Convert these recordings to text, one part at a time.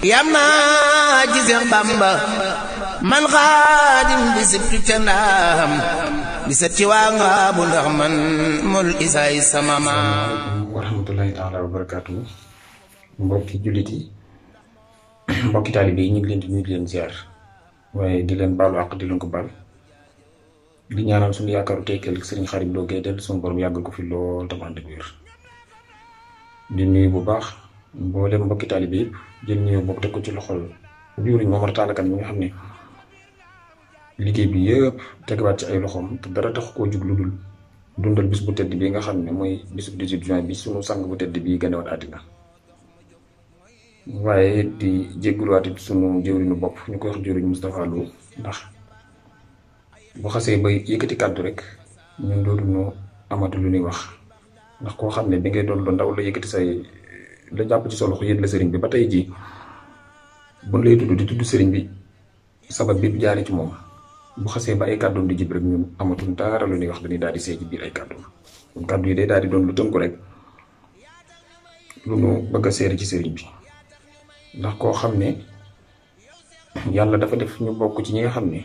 Ya Ma, ci Bamba man khadim bi sibtu ca ndaam bi sët ci waa ngaabu mul isaay sama wa rahmatullahi taala wa barakatuh mbokki juliti mbokki taalibe ñu ngi leen di nuyu leen ziar waaye di leen balu ak di leen ko bal di ñaanal suñu yaakaaru tekkel sëriñ xarit do gay suñu borom yàggal ko fi lool tamante biir di nuyu bu baax mboolem mbokki taalibe jël ñëw bokk teg ci loxol juriñ mo mar Kane mi nga xam liggéey bi yëpp tegawaat ci ay loxom té dara tax ko jug lu dul dundal bis bu tedd bi nga xam moy bis bu 18 juin bi sunu sang bu tedd bi ganewaat adina waye di jéggul it sunu jëwriñu bop ñu koy wax jëwriñu mustafa lu ndax bu xasse bay yëkëti kaddu rek ñun dootu dootuñu amatu lu ñuy wax ndax ko xam bi ngay doon lu ndaw la yëkëti say la japp ci solo loxo la serigne bi ba tay ji bu lay tuddu di tuddu serigne bi sabab bi bu ci mom bu xasse ba ay cadeau di jibril rek ñun amatuñ dara lu ni wax dañuy daal di see ci bir ay cadeau kon cadeau yi day daal di doon lu tënku rek lu nu bëgg séri ci serigne bi ndax ko xamne yalla dafa def ñu bok ci ñi nga xam ne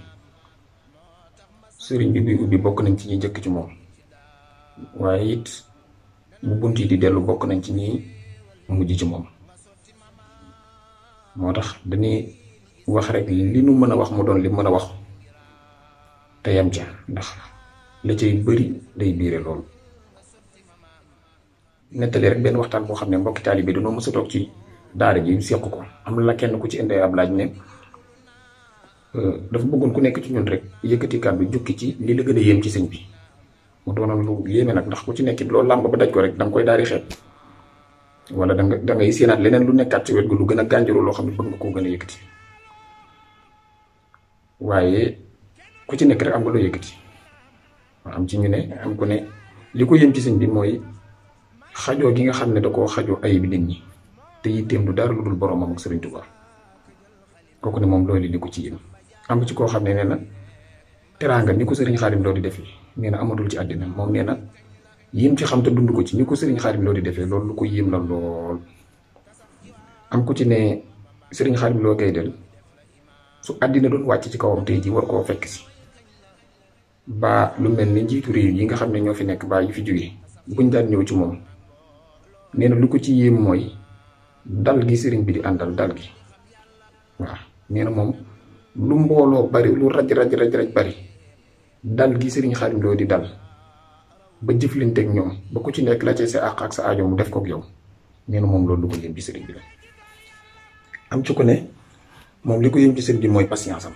sëriñ bi buy ubbi bokk nañ ci ñi jëk ci mom waye it bu bunti di delu bok nañ ci ñi mu mujj ci mom motax dañi wax rek li nu meuna wax mu doon li meuna wax te yam ca ndax la cey beuri day biré lool netale rek ben waxtan bo xamne ne talibé taalibe dañoo mës a ci daara ji seq ko am la kenn ku ci indé ab laaj ne euh, dafa bëggoon ku nekk ci ñun rek yëkëti kaddu jukki ci li la gëna yëm ci sëñ bi mu doonal lu yéme nak ndax ku ci nekk lool lamb ba daj ko rek dang koy daari xeet wala da nga da ngay séenaat leneen lu nekkaat ci wet gu lu gën a gànjaru loo xam ne bëgg nga koo gën a yëkkati waaye ku ci nekk rek am nga loo yëkkati am ci ñu ne am ku li ko yëm ci sëñ bi mooy xajoo gi xam ne da koo xajoo ay bi nit ñi te yitteem du dara lu dul ak Sëriñ Tuubaa kooku ne moom loolu li ko ci yëm am ci koo xam ne nee teraanga ni ko Sëriñ Xaadim doo di def nee amatul ci àddina moom nee na yim ci xam te dund ko ci ñu ko Serigne Khadim Lo di defee loolu lu ko yéem la lool am ku ci ne Serigne Khadim Lo kay del su àddina doon wàcc ci kawam tey ji war koo fekk si ba lu mel ni njiitu réew yi nga xam ne ñoo fi nekk ba yu fi jógee buñ daan ñëw ci moom nee na lu ko ci yéem mooy dal gi sëriñ bi di àndal dal gi waaw nee na moom lu mbooloo bari lu raj raj raj raj bari dal gi sëriñ Xaadim Lo di dal ba jëflanteeg ñoom ba ku ci nekk la cay sa ak sa aajo mu def kook yow nee na moom loolu lu ko yëm ci sëriñ bi am ci ko ne moom li ko yëm ci sëriñ bi mooy patience am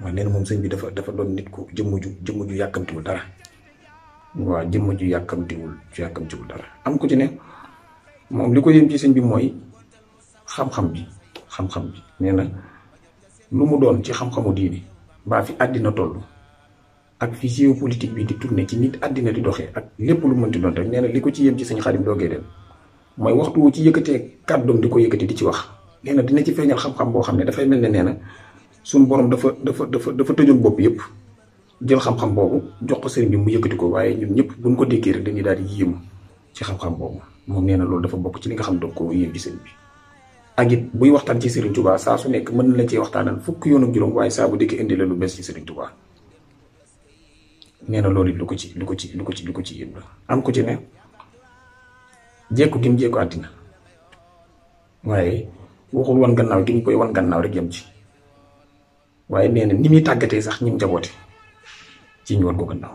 mooy nee na moom sëñ bi dafa dafa doon nit ko jëmm ju jëmm ju yàkkamtiwul dara waaw jëmm ju yàkkamtiwul ju yàkkamtiwul dara am ku ci ne moom li ko yëm ci sëñ bi mooy xam-xam bi bi nee na lu mu doon ci xam-xamu diini baa fi àddina toll. ak fi géopolitique bi di tourné ci nit adina di doxé ak lépp lu mënti doon rek néna liko ci yëm ci sañ xaadim do dem moy waxtu wu ci yëkëté kàddoom di ko yëkëté di ci wax néna dina ci feñal xam-xam bo xamné ne fay melni néna sun na borom dafa dafa dafa dafa tëjoon bop yëpp jël xam-xam bobu jox ko sëriñ bi mu yëkëti ko waaye ñun ñëpp buñ ko déggee rek dañuy daal di yéemu ci xam-xam bobu moom néna loolu dafa bok ci li nga xam do ko yëm ci sëriñ bi ak it buy waxtaan ci sëriñ Tuubaa sa su nekk mën na la cee waxtaanal fukk yoonu juroom waaye sa bu dikkee indi la lu bees ci sëriñ Tuubaa nee na loolu lu ko ci lu ko ci lu ko ci lu ci yëpp la am ko ci ne jékku gi mu jékku àddina waaye waxul wan gannaaw gi mu koy wan gannaaw rek yem ci waaye nee na ni muy tàggatee sax ñi mu njaboote ci ñu wan ko gannaaw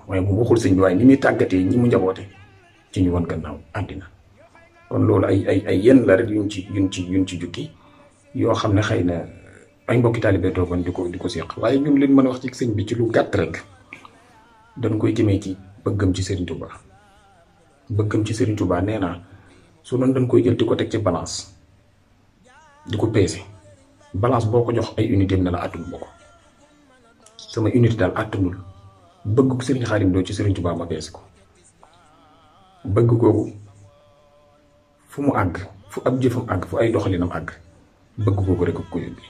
sëñ bi waaye muy tàggatee ñi mu njaboote ci ñu wan gannaaw àddina kon loolu ay ay ay yenn la rek yuñ ci yuñ ci yuñ ci jukki yoo xam ne xëy na ay mbokki taalibe toogoon di ko di ko séq waaye ñun leen mën a wax ci sëñ bi ci lu gàtt rek dañ koy jëmee ci bëggam ci Serigne Touba bëggam ci Serigne tubaa nee naa su doon dañ koy jël di ko teg ci balance di ko peese balance boo ko jox ay unité ne la àttul ba ko sama unité daal àttunul bëgg Serigne doo ci Serigne Touba ma ko bëgg googu fu mu àgg fu ab jëfam àgg fu ay doxalinam àgg bëgg googu rek ko yóbbi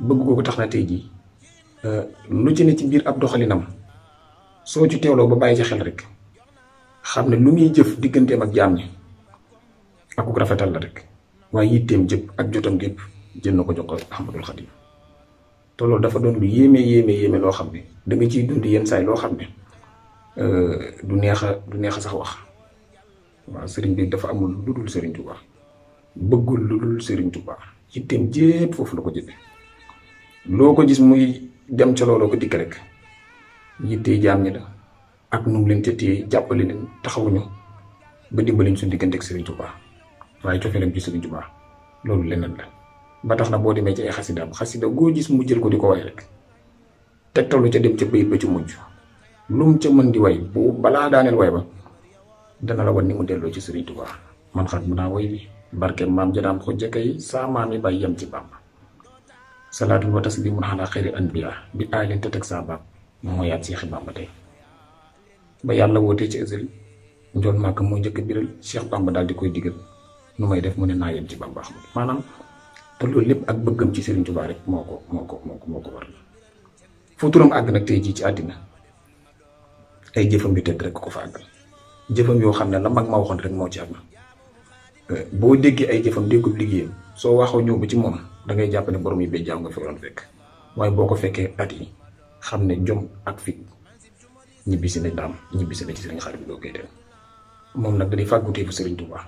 bëgg googu tax na tey jii euh, lu ci ci biir ab doxalinam. so ci tewlo ba baye ci xel rek xamne lu muy jëf digëntem ak jamm ñi ak ko rafetal la rek way yitteem jëf ak jotam gep jël ko jox Ahmadul khadim to lol dafa doon lu yeme yeme yeme lo xamne da nga ci dund yeen say lo xamne euh du nexa du nexa sax wax wa serigne bi dafa amul luddul serigne sëriñ beggul luddul serigne dul sëriñ jëf fofu lako jëf loko ko gis muy dem ci lolo ko dik rek yittee jam ñi la ak ñu mu leen tëttee jàppale leen ñu ba ñu sun diggante ak Serigne Touba waaye cofeelam ci Serigne Touba loolu leneen la ba tax na bo démé ci ay xasidaam xasida go gis mu jël ko diko way rek tegtalu ci dem ci bayit ba ci mujj mu ci mën di way bu bala daaneel way ba dana la won ni mu delloo ci Serigne Touba man xat mu na way bi mam maam janaam xujja kay sa mam yi bay yam ci bam salatu wa taslimun ala khairil anbiya bi aalin tatak teg moo mooy yaat Cheikh Bamba tey ba yàlla wootee ci Azal njool màkk moo njëkk a biral Cheikh Bamba daal di koy digal nu may def mu ne naa yem ci Bamba Ahmad maanaam te loolu lépp ak bëggam ci Serigne Touba rek moo ko ko moo moo ko war turam àgg nag tey ci àddina ay jëfam yu tedd rek ko fa àgg jëfam yoo xam ne la mag ma waxoon rek moo ci àgg euh, boo déggee ay jëfam déggub liggéeyam soo waxoo ñëw ba ci moom da ngay jàpp ne borom yi ba jaaw nga fi waroon fekk waaye boo ko fekkee at yi xamne jom ak fit bisi na ñi bisi na ci sëriñ xarit loo mom nak dañuy di fàgguteefu serigne touba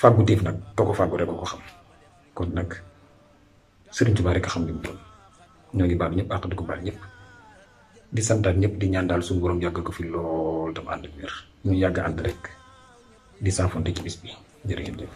fàgguteef nag nak koko fàggu rek ko xam kon nak serigne touba rek xam li mu doon ñoo ngi baal ñep ak di ko baal ñep di santaat ñep di ñaan daal suñu borom yagg ko fi lool dama and wér ñu yagg and rek di saafonte ci bis bi jërë ngeen jëf